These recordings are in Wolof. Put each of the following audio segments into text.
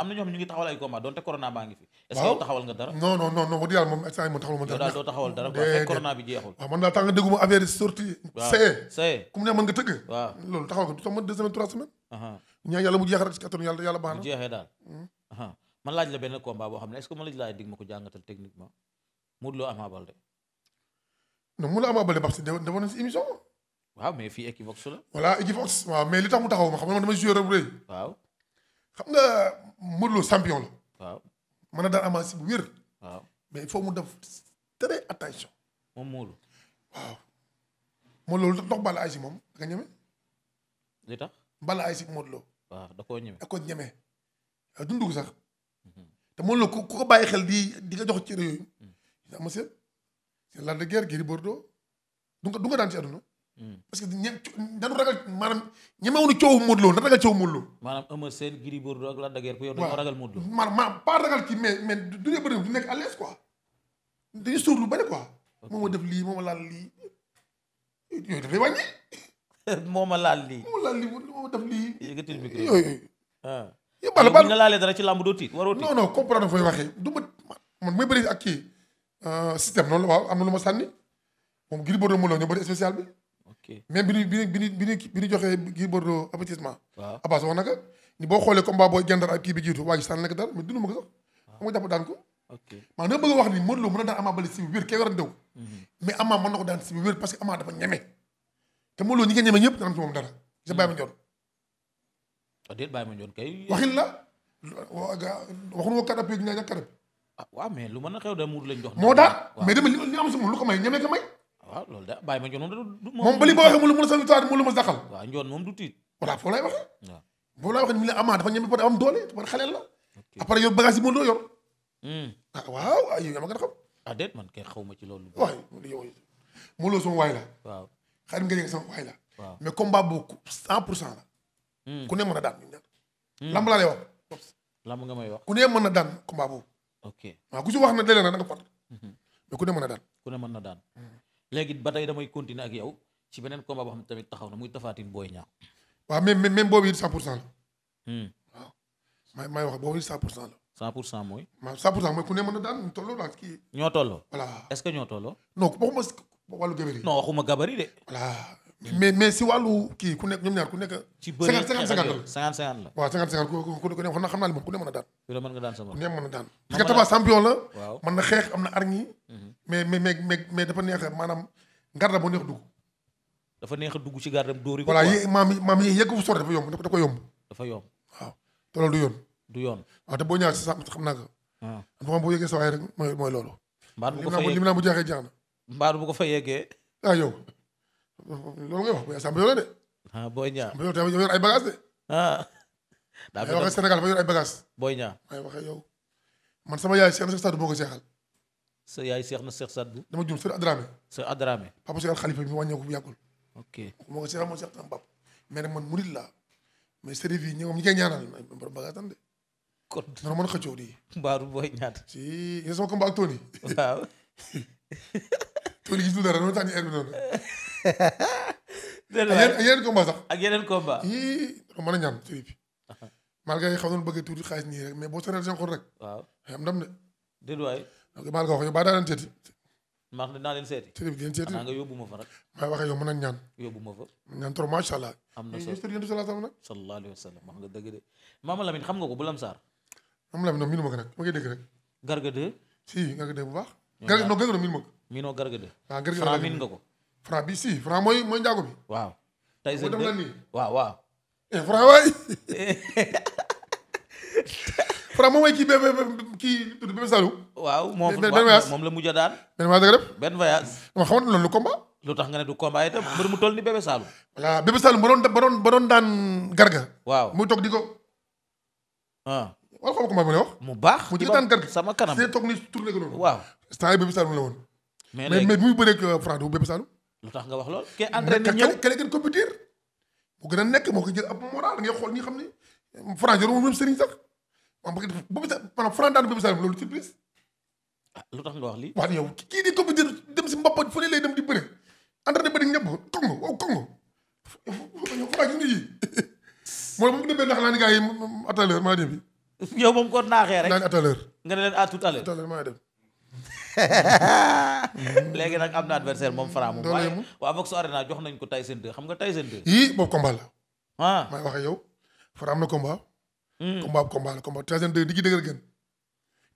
am na ñoo xam ñu ngi taxawal ay combat donte corona baa ngi fi. est-ce que taxawal nga dara. non non non wax dëgg tax nga dégguma affaire yi sorti. waaw saye ku mu ne mën nga tëgg. loolu taxawal ko du tax ma deux semaines trois mu jeex rek ci kattan yàlla yàlla baax na. mu jeexee daal. Hmm. man laaj ne est la ko jàngatal techniquement Modou Lo Ama Baldé. non Modou waaw mais fii Equivox la. voilà Equivox waaw mais li tax mu taxaw ma xam nga man damay joué rek bu xam nga Modou Lo champion la. waaw mën na daan avance bu wér. waaw mais il faut mu def très attention. moom Modou. waaw Modou Lo lu tax Balla Aïssi moom da ñeme. li tax Balla Aïssi Modou waaw da koo ñeme da koo ñeme. dundu sax. Mhm. te Modou Lo ku ko bàyyi xel di di nga jox cër yooyu. am na seen la guerre Gris Bordeaux du nga du nga daan ci àdduna. Hmm. parce que ñoom dañu ragal maanaam ñemewuñu coowu Modou Lo na ragal coowu Modou Lo. maanaam de Guiers. waaw dañoo maanaam pas ragal kii mais mais du ñu bëri ma def lii moom ma laal lii yooyu dafay wàññi. moom ma laal lii moom ma laal lii moom ma def lii. yëkkatil micro yooyu yooyu. ah yow Balla Balla bu ñu laalee dara ci làmb doo tiit waroo tiit. non non comprendre fooy waxee du ma man may bëri ak kii euh, système noonu la waaw am na lu ma sànni moom Gris Bordeaux Modou Lo ñoo bëri spécial bi même bi ñu bi ñu bi ñu bi ñu joxee Gris Bordeaux avertissement. waaw Abbas wax ni boo xoolee combat booy gendar ak kii bi jiitu waa ji sànni na ko daal mais dund ma ko a wax ni Modou Lo na daan Ama Baldé si bu wér kay mhm. a ko daan si bu wér parce que Ama dafa ñeme. te Modou Lo ñi nga ñeme ñëpp dana ah, wa ga waxuñu ko ah, lu mën a xew de Modou lañ jox. moo daal mais dama li am si lu ko may ñeme ko may waaw loolu da bàyyi ma njoon moom da moom bali boo waxee mu a a daqal moom du tiit voilà la hmm. ah, waaw ay a xam ah, man kay xaw ma ci loolu waay yow mu loo sama waay la waaw xarit nga yëg sama waay la mais comme boobu cent pour cent la hmm. ku ne mën a daan ñu ñaar hmm. lamb laa lay wax lamb nga may wax ku ne mën a daan combat boobu ok waaw ku si wax na dale na da nga fot mais ku ne mën a daan léegi ba tey damay continuer ak yow ci beneen combat boo xam tamit taxaw na muy tafaatin booy ñaaw. waaw même hmm. may may wax boobu it 100 pour cent la. 100 pour cent mooy. waaw 100 pour cent mooy ku la kii. ñoo tolloo. voilà que ñoo tolloo. non waxuma si wàllu gabari. non waxuma gabari nekk ñoom ñaar ku nekk. ci bëri 50 50 50 la. waaw 50 50 ku ku ku ne xam naa ne moom ku ne mën na daan. ku ne mën nga daan sama. ku ne mën na daan. parce que Tapha champion la. mën na xeex am na arñi. mais mais mais mais dafa neex maanaam ngarda boo neex dugg. dafa neex a dugg ci gardam dóor yi. voilà yéen maam yi maam yéen yegg fu sori dafa yomb da ko yomb. dafa yomb waaw te loolu du yoon. du yoon waaw te boo ñëwaat si sax xam naa ko. waaw ah. xam boo yeggee sa waay rek mooy mooy loolu. mbaar bu ko fa yeggee lim naa bu jaaxee jaax na. mbaar bu ko fa yeggee. ah yow loolu ngay wax bu yaasa am ba yore de. ah booy ñaar am ba yore tamit yor ay bagages de. ah. daa fi dem waxee Sénégal ba yor ay bagages. booy ñaar waaye waxee yow man sama yaay si am sa stade moo ko seexal sa yaay seex na seex Sadbu. dama juum sër Adramé. sër Adramé. papa Seex al Xalifa bi mu wàññeeku bu yàggul. ok moo ko seex amoon seex tam bab mais nag man murid laa mais sëriñ yi ñoom ñi koy ñaanal borom bagaa tan de. kon noonu mën a xëccoo di. mbaaru booy ñaata. si yéen sama combat ak Tony. waaw. Tony gis lu dara noonu tànn air bi noonu. dëgg la ak yeneen combat sax. ak yeneen combat. yii mën a ñaan sëriñ bi. malgré xaw nañu bëgg tuuti xaalis nii rek mais boo sa région rek. waaw am ndam de. déedwaay. maa ngi ko wax yow baa daa leen seeti. maa dinaa leen seeti. sëriñ ma fa ma fa. ñaan trop macha allah. na eh, solo yéen nag. sallallahu alayhi wa sallam wax nga dëgg de. Mama Lamine xam nga ko bu ma ko nag ma koy dégg rek. Garga 2. bu baax. Garga non Garga non miinu ma ko. miinoo Garga 2. waaw ah, Garga 2 Franc nga ko. Franc mooy mooy njaago bi. waaw. tey sëñ bi waaw waaw. Eh, Franc waay. Franc moom mooy kii bébé waaw moom la mujj a daan. benn voyage dëgg la benn voyage. dama xamante loolu lu tax nga du combat itam mbir mu toll ni bébé Saloum. voilà bébé Saloum ba doon ba doon ba doon daan waaw muy toog di ko. ah wax. mu baax mu ci daan sama kanam si toog ni tourné la woon. mais léegi mais mais bu ñu bëree euh, Franc du bébé Saloum. nga wax lool. kee entraîné ñëw mais kale gën compétir. mu gën a nekk moo ko jël ab moral ngay xool ñi xam ni Franc jarul moom sëriñ sax waaw parce que boobu sax maanaam Franc daan Bébé Saloum ah lu tax nga wax lii. waaw yow kii di compété dem si mbappat fu ne lay dem di bëre entraîné ba di ñëpp Congo waaw Congo Franc gis nga yii mooy bu mu demee ndax dem. yow moom kon naa ni à tout à l'heure nga ne leen à tout à l'heure nag am na adversaire moom Franc moom. waaye waaw Vox Arena jox nañ ko Tyson 2 xam nga Tyson 2. yii boobu combat la. ah may wax ak yow am na combat. Mm. combat bu combat la combat troisième dëgër di ci gën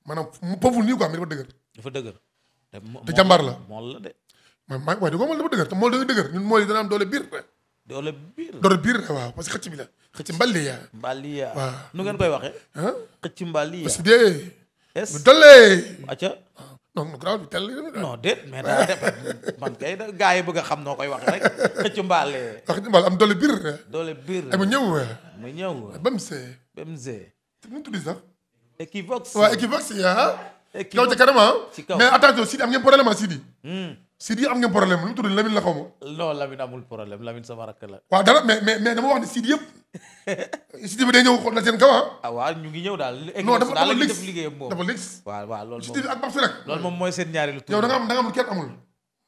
maanaam mu poful nii quoi mais dafa dëgër. dafa dëgër. te jàmbaar la mool la de. mais maa waaye di ko mool dafa dëgër te que xëcc bi la. xëcc mbali yaa. koy waxee. xëcc mbali yaa parce que. est bu dolee. acca. non non man kay gaa yi bëgg xam noo koy waxee rek xëcc mbaale. xëcc mbaale am doole biir. doole biir la am ñëw. ba mu see. BMZ. nu mu tudd sax. Equivox. waaw Equivox yaa. Equivox kaw ca kanam ci kaw mais attention Sidi am ngeen problème ah Sidi. Hmm. Sidi am ngeen problème lu mu tudd Lamine la xaw ma. non Lamine amul problème Lamine sama rakk la. waaw dara mais mais dama wax ne Sidi yëpp. Sidi ñëw xool seen kaw ah. ñu ngi ñëw daal. non dafa dafa ligg dafa liggéeyam moom dafa ligg. waaw waaw loolu moom Sidi mooy seen ñaareelu tur. yow da nga am da nga kenn amul.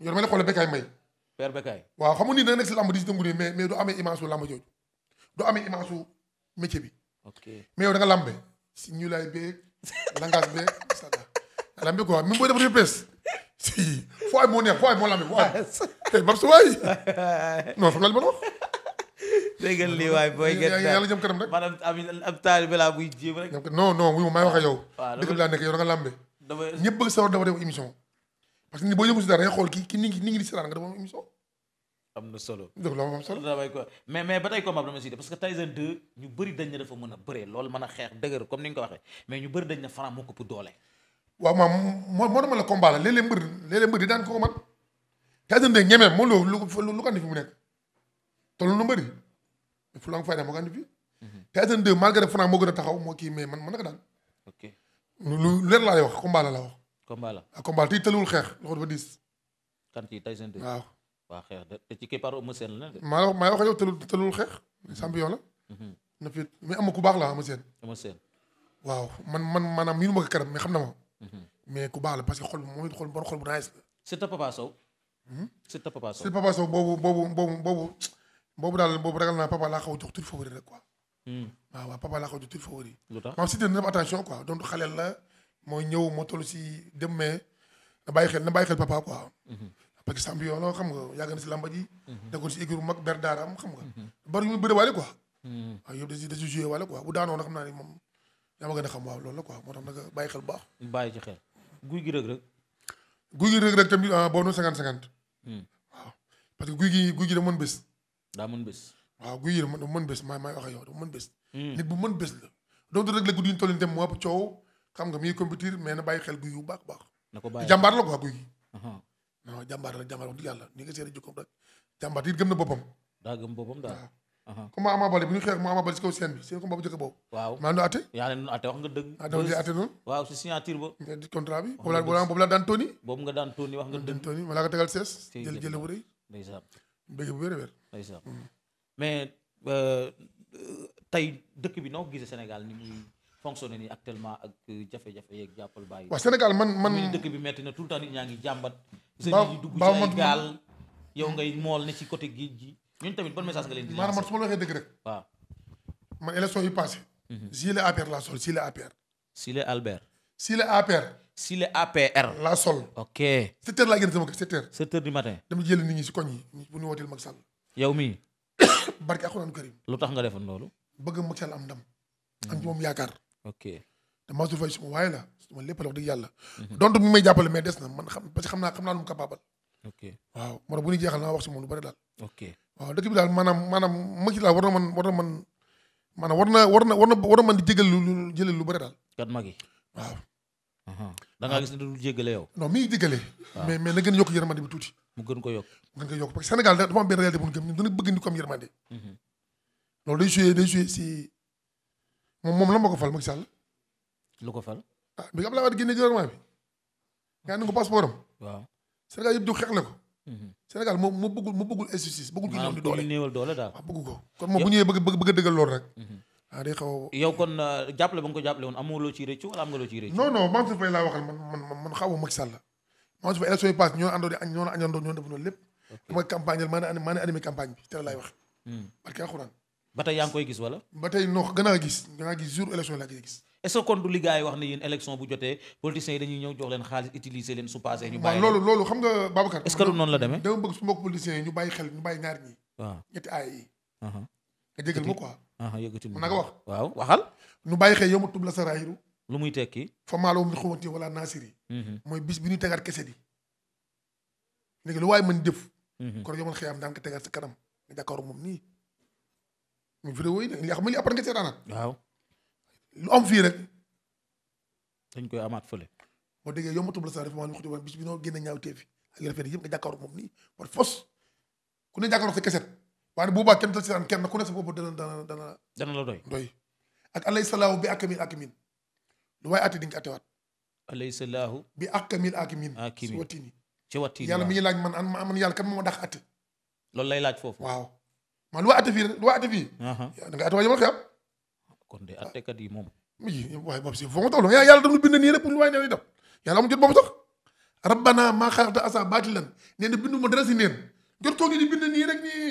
yow damay la xoolee Bekay Mbaye. père Bekay. waaw xam nekk si ok mais yow da nga lambe si ñu lay beeg langage beeg ça va lambe quoi même boo def revue presse si foo ay moo neex foo ay moo lambe foo ay tey bam su waay non fa la li ma wax. déggal lii waay booy gerte yàlla jëm kanam rek maanaam am taalibe laa buy jéem rek. non non wuyu ma may wax ak yow. waaw dëgg bi laa nekk yow da nga lambe. damay ñëpp bëgg sawar dafa def émission. parce que ni boo yëngu si dara nga xool ki ki ni ngi ni ngi di seetaan nga dafa émission. am na solo dëgg la damay ko mais mais ba tey combat dama si parce que Tyson 2 ñu bëri dañ na dafa mën a bëree lool mën a xeex dëgër comme ni nga ko waxee mais ñu bëri dañ na Franc moo ko ëpp doole waaw moo moo dama man lu lu ko andi fi mu nekk tollu na mbëri fu la nga fay moo ko fi mhm. Tyson 2 malgré Franc moo gën a taxaw moo kii mais man man na ko daan ok lu leer laa lay wax combat la la wax combat la ah combat tëluwul xeex loxo dafa diis kan ci Tyson 2 waaw waa xeex de te ci keppaaru Eumeu Sène la de. maa wax maa wax yow tëlul tëlul xeex. champion la. na mhm. fi mais am ku baax la Eumeu Sène. waaw man man miinu ma ko kanam mais xam na ma. Mhm. mais ku baax la parce que xol moom it xol bon xol bu la. Siteu Papa Sow. Hmm? Siteu Papa Sow Siteu Papa Sow boobu boobu boobu boobu boobu daal boobu ragal naa papa laa xaw jox tur favori rek quoi. Hmm. waaw papa laa xaw jox tur favori. lu tax maam Siteu dina attention quoi donc xaleel la mooy ñëw moo toll si dem mais na bàyyi xel na bàyyi xel papa quoi. Mhm. parce que champion la xam nga yàgg na si lamba ji. Mhm. nekkoon si équipe bu mag ber daaraam xam nga. Mhm. bari ñu bëri waale quoi. Mhm. waaw yow da ciy da ciy waale quoi bu daanoo nag xam naa ni moom yaa ma gën a xam waaw loolu la ko moo tax nag bàyyi xel bu baax. bàyyi ci xel guy gi rëg rëg. guy ah, boo noonu cinquante cinquante. Hmm. waaw parce que guy gi guy gi da daa mën bés. waaw guy gi da mën bés maa maa wax ak yow da mën bés. Hmm. nit bu mën bés la. la guddi ñu toll nii nga mi ngi compétir mais na bàyyi xel guy yu baax baax. na ko bàyyi jàmbaar la quoi guy gi non jàmbaar la jàmbaar wax dëgg yàlla ni nga seere jikkoom rek jàmbaar it gëm boppam. daa gëm boppam daal. comme Ama Baldé bi ñu xeex mu Ama Baldé si kaw seen bi seen combat bu njëkk boobu. waaw maa ngi ate. yaa leen ate wax nga dëgg. ah dama cee ate noonu. waaw si signature ba. di contrat nga daan tóoni ma laa ko tegal sees. jël jël bu rëy. mais euh, tey dëkk bi noo gisee Sénégal ni muy fonctionné nii actuellement ak jafe-jafe yeeg jàppal bàyyi. waaw Sénégal man man dëkk bi metti na tout le temps nit ñaa ngi jàmbat ba ba man gaal yow ngay mool ne ci côté géej gi ñun tamit ban message nga leen di. maanaam man su ma la waxee dëgg rek. waaw man élection yu passé. Sile mhm. APR laa sol Sile APR. Sile Albert. Sile APR. Sile APR. laa sol. ok sept heures laa génn sama kër sept heures. sept heures du matin. dama jël nit ñi si koñ yi bu ñu wooteel Macky Sall. yow mii. barke Alxuraan Karim. lu tax nga defoon loolu. bëgg Macky Sall am ndam. am mhm. ci moom yaakaar. te Mansour Faye su lépp la wax dëgg yàlla. donte mu may jàppale mais des na man xam xam naa xam naa nu mu capable. ok waaw moo tax bu ñu jeexal naa wax si moom lu bari daal. ok waaw dëkk bi daal maanaam maanaam Macky daal war na man na man maanaam war na war na war na war na mën di lu lu jëlee lu bari daal. kat Macky waaw. da gis ne du jégale yow. non mi ngi jégale. mais mais na gën yokk yërmande bi tuuti. mu gën ko yokk mu gën ko yokk parce que Sénégal dafa am benn réalité bu ñu gëm ñun dañu bëgg ni ko am mhm. loolu day suyee day suyee si moom moom la ma ko fal Macky Sall lu ko fal. ah bi nga Abdoulaye Wade génnee gouvernement bi. nga ne ko passeport am. waaw Sénégal yëpp du xeex ko. Mhm. Sénégal moom mu bëggul mu bëggul injustice bëggul. maanaam bëggul doole daal waaw ah, bëggu ko. kon moom bu ñëwee bëgg bëgg dëggal loolu rek. Mhm. ah day xaw yow kon euh, jàppale ba nga ko jàppale woon amoo loo ciy rëccu wala am nga loo ciy rëccu. non non man xaw ma Macky Sall. Mansour Faye élection yi pass ñoo àndoo di añ ñoo àndandoo ñoo def loolu lépp. dama campagne maa ne maa ne animé bi te laay wax. Mhm. barke alxuraan. ba tey yaa ngi koy gis wala. ba tey noo gën a gis gën a gis jour élection gis est-ce que kon du liggaay wax ne yéen élection bu jotee politiciens yi dañuy ñëw jox leen xaalis utiliser leen su passé ñu bàyyi loolu loolu xam nga Babacar est-ce que du noonu la demee dama bëgg su mbokk politiciens yi ñu bàyyi xel ñu bàyyi nga jégal ñu bàyyi xel yow tub la sa raayiru lu muy tekki fa maaloo mi xawante wala naasiri mhm. mooy bis bi ñu tegaat kese di léegi lu waaye mën def mhm. kon yow man xëy am daan ko tegaat sa kanam nga d'accord moom nii ñu lu am fii rek. dañ koy amaat fële. boo déggee yombatul sax dafa maa ñu wax bis bi noo génne ñaaw moom nii ne jàkkaaroog sa keset bu boobaa kenn si daan kenn ne sa bopp dana dana dana. dana la doy doy. ak bi akamin akamin lu waaye ati di nga ci atewaat. alay salaahu. bi akamin akamin. akamin si watini. ci watini yàlla mi ngi laaj man an man yàlla kan moo ma dàq ate. loolu laaj foofu. waaw man lu waa ate fii lu ate fii. da nga atewaat kon de attekat yi moom. waaye boobu si foo ma toll yàlla yàlla dañu bind nii rek pour lu waay newee def yàlla amul jot boobu sax rabbana maa xalaqta asa baatilan nee na bindu ma dara si neen jot koo ngi di bind nii rek nii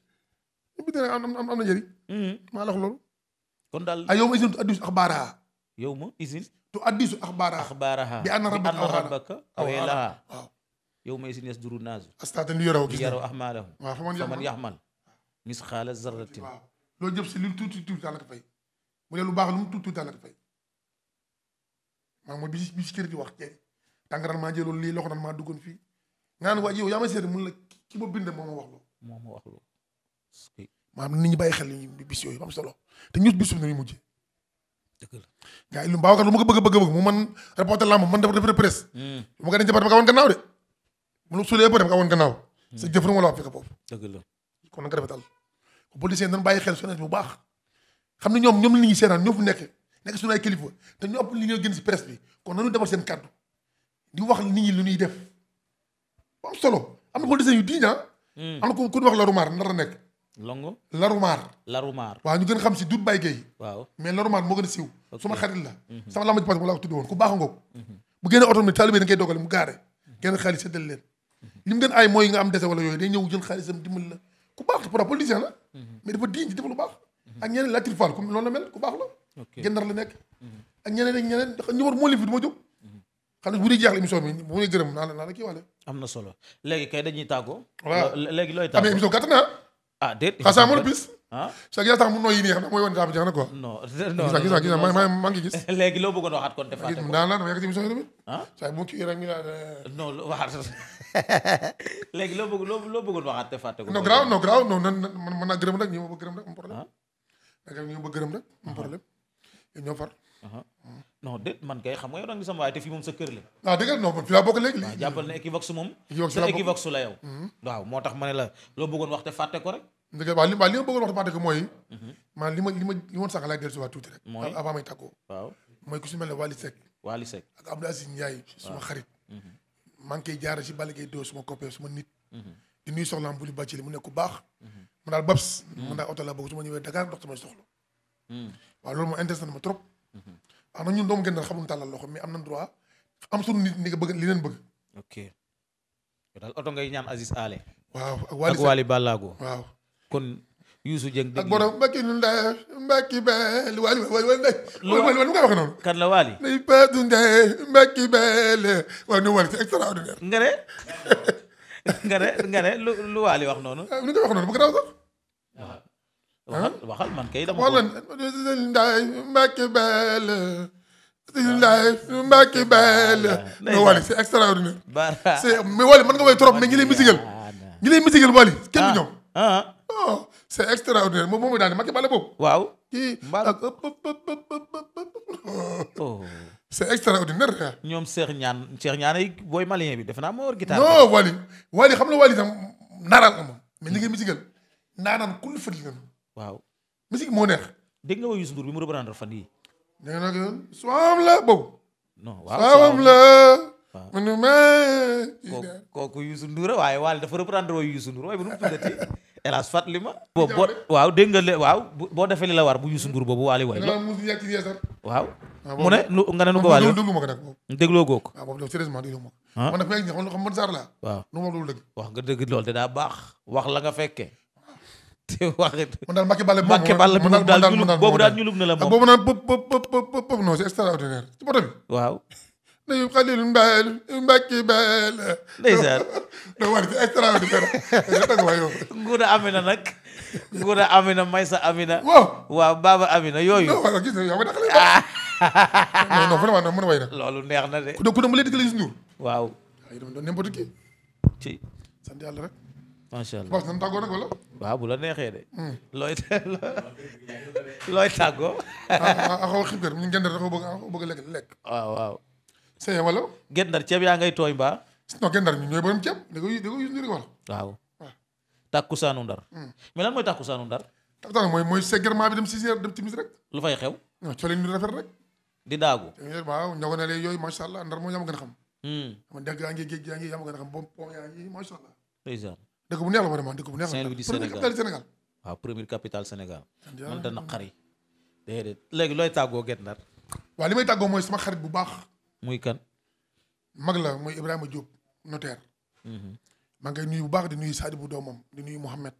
bind rek am am am na njëriñ. Mm-hmm. maa la wax loolu. kon daal ay yow ma isin tu addisu axbaaraha. yow ma isin. tu addisu axbaaraha. axbaaraha bi anna rabbaka awxaana waaw. yow ma isin yasduru naasu. astaatan li yaraw gis yaraw ahmaalahum. waaw fa man yaxmal misxaala zarratin. waaw loolu jëpp si li tuuti tuuti daanaka fay. mu ne lu baax lu mu tuut tuut daanaka fay maanaam mooy bi bi si kër di wax tey tàngaral maa jëloon lii loxo nan maa duggoon fii nga naan waa yow yaa ma seet mun la ki ma bind moo wax loo. moo ma wax loo. maanaam nit ñi am solo te ñun bis bi nañu mujjee. la gaa yi lu mbaaw kat lu ma bëgg bëgg mu man reporter lamb man def def presse. bu hmm. ma ko denc ba dama ko wan gannaaw de. ko wan gannaaw. Hmm. sa jëf bàyyi xel sonnet bu baax xam ne ñoom ñoom li ñuy seeraan ñoo fu nekk nekk suñu ay kilifa te ñu li ñoo si presse kon nañu defal seen kàddu di wax nit ñi lu ñuy def solo am na politiciens yu diiñ ah. Hmm. am na ku ku wax Larumaar la nekk. Longo Larumaar. Larumaar ñu gën xam si Doudou Baye Gueye. waaw mais Larumaar moo gën a siiw. Mhm. sama la. sama lama ji passé ma ku baax a ngoog. Mhm. bu génnee oto bi taalibe dañ koy dogale mu gaare. Mhm. génn xaalis seddal leen. li mu gën ay mooy nga am dese wala yooyu day ñëw jël xaalisam dimbali la ku baax te pourtant politicien la. mais dafa diiñ di def lu baax ak ñeneen Latir Fall comme noonu la mel ku baax la. ok gendar la nekk. Mhm. ak ñeneen ak ñeneen ndax ñëwoon moo leen fi du ma jóg. Mhm. xam bu dee jeexal émission bi bu ma gërëm naa la naa la kii am na solo léegi kay dañuy tàggoo. waaw léegi looy tàggoo amee émission gàtt na ah déet xasaa amul sa gi tax na quoi. non non gis nga gis nga ko daan la dama yàgg si émission ah? yi tamit. ah saa loo bëgg loo loo bëggoon waxaat defaat ko. non graaw gërëm rek ñi ma bëgg gërëm rek am problème. Ah? da ñu bëgg gërëm rek. am problème ñoo far. non déet man kay xam nga yow da sama waaye te fii moom sa kër la. ah dëgg non fi laa bokk léegi. waaw jàppal ne Equivox moom. la bokk sa Equivox la yow. Mhm. waaw moo tax ma ne la loo bëggoon wax te fàtte ko rek. dëgg la waaw li waaw li ma bëggoon wax te fàtte ko mooy. Mhm. maanaam li ma li ma li ma sànq laay dellusiwaat tuuti rek. mooy avant may tàggoo. waaw mooy ak Abdou Aziz Ndiaye. suma xarit. Mhm. maa ngi koy jaaree si Balla Gaye 2 suma copain suma nit. di nuyu soxnaam bu li bàcc li mu nekk baax man daal Babs. man mm. daal oto laa bëgg su ma ñëwee Dakar ndox samay soxla. Mm. waaw loolu moo intéressé na ma trop. Mm-hmm. waaw nag ñun doomu gën daal xamuñu tàllal loxo mais am na droit am suñu nit ñi nga bëgg li leen bëgg. ok daal oto ngay ñaan Aziz Ale. waaw ak Wally ak Wally kon. Youssou Dieng dégg ak borom Mbacke Ndeye Mbacke Bell Wally Wally Wally Wally nu nga waxee noonu. la Wally. Mbacke Ndeye Mbacke Bell waaw ñu extraordinaire. nga nga ne nga ne lu lu waali wax noonu. Ah, lu nga wax noonu bu garaaw sax. Ah. waxal waxal man kay dama. wala Ndiaye Mbacke Bale. Ndiaye Mbacke Bale. mais Wally c'est extraordinaire. c'est mais Wally mën nga way trop mais ñi lay musigal. Ah, ñi lay musigal Wally kenn du ñoom. non oh, c'est extraordinaire moom moomu daal Mbacke Bale boobu. waaw kii ak. Oh. c'est extraordinaire. ñoom Cheikh Ñaan seex Ñaan ay booy malien bi defe naa moo war guitare. non Wally Wally xam nga Wally tam naaraan amoon. mais ñi ngi musigal naaraan kulli fët yi waaw musique moo neex. dégg woy Youssou Ndour bi mu reprendre fan yii. ñu ngi la boobu. non waaw soam la waaw mu ne ma. kooku Youssou Ndour waaye Wally dafa reprendre woy Youssou Ndour waaye bu nu mu tuddati hélas fàttali li la war bu Youssou Ndour boobu waali way waaw ah, mu ne lu nga ne nu ko waali déglu ma ko nag dégloo goo ko waaw ah, boobu sérieusement ma ko ah. man nag fekk xam xam man saar laa waaw nu ma loolu la nga fekkee te wax man daal ñulub na la moom boobu naan pëp pëp pëp pëp non c'est extraordinaire ci boto bi waaw nañu xalil mbeel mbakki mbeel. ndeysaan. doo war ci extraordinaire. nguuda Amina nag. nguuda Amina Maysa Amina. waaw waaw Baba Amina yooyu. non waaw gis nga yow naka lay non non vraiment mën a way na. loolu neex na de. ku ne ku ne mu lay digalee si Ndour. waaw. ay dama doon n'importe qui. ci. sant yàlla rek. macha allah bas nan tàggoo nag wala. waaw bu la neexee de. Hmm. looy looy tàggoo. ah ah, ah xaw a xibaar ñu ngi gën a bëgg a lekk lekk. waaw waaw. sëñ wala. Guet Ndar ceeb yaa ngay tooy mbaa. non Guet Ndar ñun ñooy borom ceeb da koy da koy yëngu wax. waaw tàkkusaanu Ndar. Hmm. mais mooy Ndar. tàkkusaanu mooy mooy seggerment bi dem lu fay xew. di daagu. waaw ñoo yooyu macha allah Ndar moom yaa ma gën a xam. Hmm. man dëgg yaa ngi géej yaa a xam boobu pont yaa ngi macha allah. président dëkk bu neex la vraiment dëkk bu neex la. waaw première capitale Sénégal. man da naqari. déedéet léegi looy tàggoo Guet Ndar. waaw li may tàggoo mooy sama xarit bu baax muy kan. mag la muy Ibrahima Diop notaire. Mm-hmm. maa ngi koy nuyu bu baax di nuyu Sadibou doomam di nuyu Mouhamed.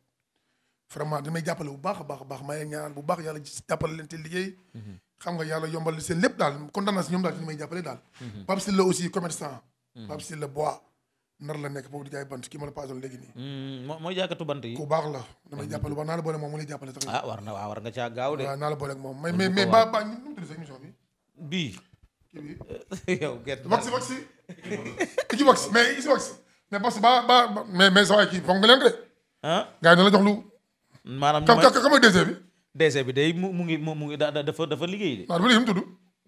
vraiment damay jàppale bu baax a baax a baax maa ngi ñaanal bu baax yàlla jàppale leen te liggéey. Mm-hmm. xam nga yàlla yombal seen lépp daal kontaan naa si ñoom daal si ñu may jàppale daal. Mm-hmm. Pape Sylla aussi commerçant. Pape Sylla bois. nar la nekk foofu di jaay bant kii ma la paasoon léegi nii. moo mooy jàkkatu bant yi. ku baax la damay jàppale bu baax naa la boole moom mu lay jàppale sax. ah war na waaw war nga caa gaaw de. waaw naa la boole ak moom mais mais mais ba ba ñu tudd sa émission bi. bii. yow gerte wax si wax si. ki ci wax si mais ba ba mais mais sa waay kii foog nga de. ah yi na la jox lu. maanaam ñu may ka ka mooy DG bi. DG day mu mu ngi mu ngi da dafa dafa liggéey de. waaw dafa liggéey mu tudd.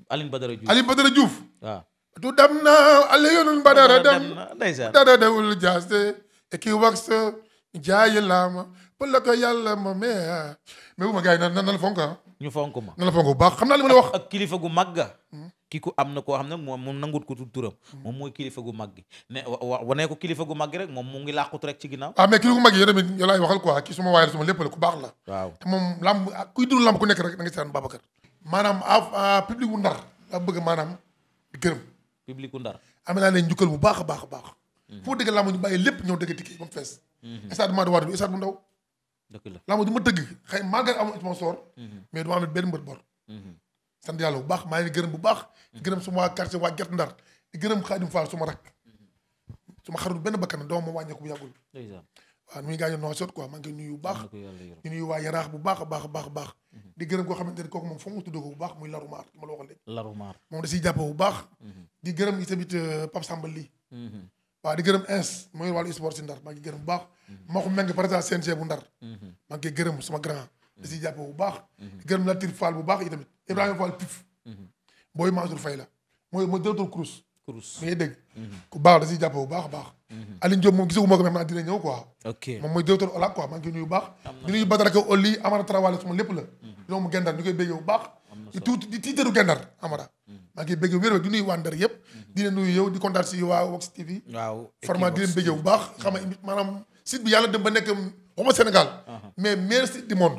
Alioune Badara Diouf Alioune ki wax jaayi laama ba la ko yàlla ma mais ah. mais bu ma gars yi nan nan la fonk ah. ñu fonk ma nan la fonk bu baax xam naa li ma la wax. ak kilifa gu mag. ki ku am na koo xam ne moom moom nangut ko turam hmm. moom mooy kilifa gu mag gi ne wa wanee ko kilifa gu mag gi rek moom mu ngi làqut ah, gi yow tamit yow laay waxal quoi kii suma waay suma lépp la ku baax la waaw te moom lamb ah, kuy dund ku nekk rek da nga seetaan Babacar maanaam a ah, public wu ndar la bëgg maanaam di gërëm public wu ndar amee naa leen njukkal bu baax a baax a baax hmm. foo dëgg lamb ñu bàyyi lépp ñëw dëgg tikki ba mu fees hmm. stade Madi Wade bi stade bu ndaw dëgg la lamb du ma tëgg xëy malgré amul sponsor mais du ma am benn mbër bor sant yàlla bu baax maa ngi gërëm bu baax di gërëm suma waa quartier waa Guet Ndar di gërëm Xaadim Fall suma rak suma xarul benn bakkan doom ma wàññeeku bu yàggul waaw nu muy gaañoo noo sot quoi maa ngi bu baax di nuyu waa yaraax bu baax a baax a baax a baax mhm. di gërëm koo xamante ne kooku moom foog nga ko bu baax muy Larumaar ma la waxoon moom da siy jàpp bu baax mhm. di gërëm sa tamit euh, Pape Samba Ly mhm. waa di gërëm ins mooy wàllu sport si ndar maa ngi gërëm bu baax maa ko meng président CNG bu ndar maa ngi koy gërëm da siy jàppe bu baax gërëm Latir Fall bu baax itamit Ibrahima Fall pif booy Mansour Faye la mooy mooy directeur Crous Crous mi ngi dégg mhm. ku baax da siy jàppe bu baax a baax mhm. Alioune Diop moom gisaguma ko mais moom mooy directeur OLAC quoi maa ngi koy nuyu bu baax di nuyu Badaraka Oli Amara Travalé suma lépp la ñoo mhm. mu gendar ñu koy béggee bu baax di tuut di tiitaru gendar Amara maa ngi bëgg wér di nuyu waa Ndar yëpp di leen nuyu yow di kontaan si waa Vox TV waaw format di leen bëgg bu baax xam nga maanaam site bi yàlla dem ba nekk waxuma Sénégal mais meilleur site du monde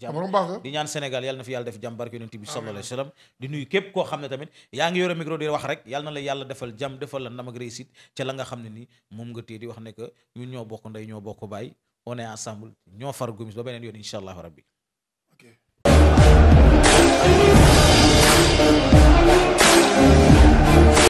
jàmm di ñaan Sénégal yàlla na fi yàlla def jàmm barke yonent bi sallallahu alayhi wa di nuyu képp koo xam ne tamit yaa ngi yore micro di wax rek yàlla la yàlla defal jam defal la ndam ak réussite la nga xam ne nii moom nga téye di wax ne que ñun ñoo bokk ndey ñoo bokk baay on est ensemble ñoo far Gomis ba beneen yoon incha allahu rabbi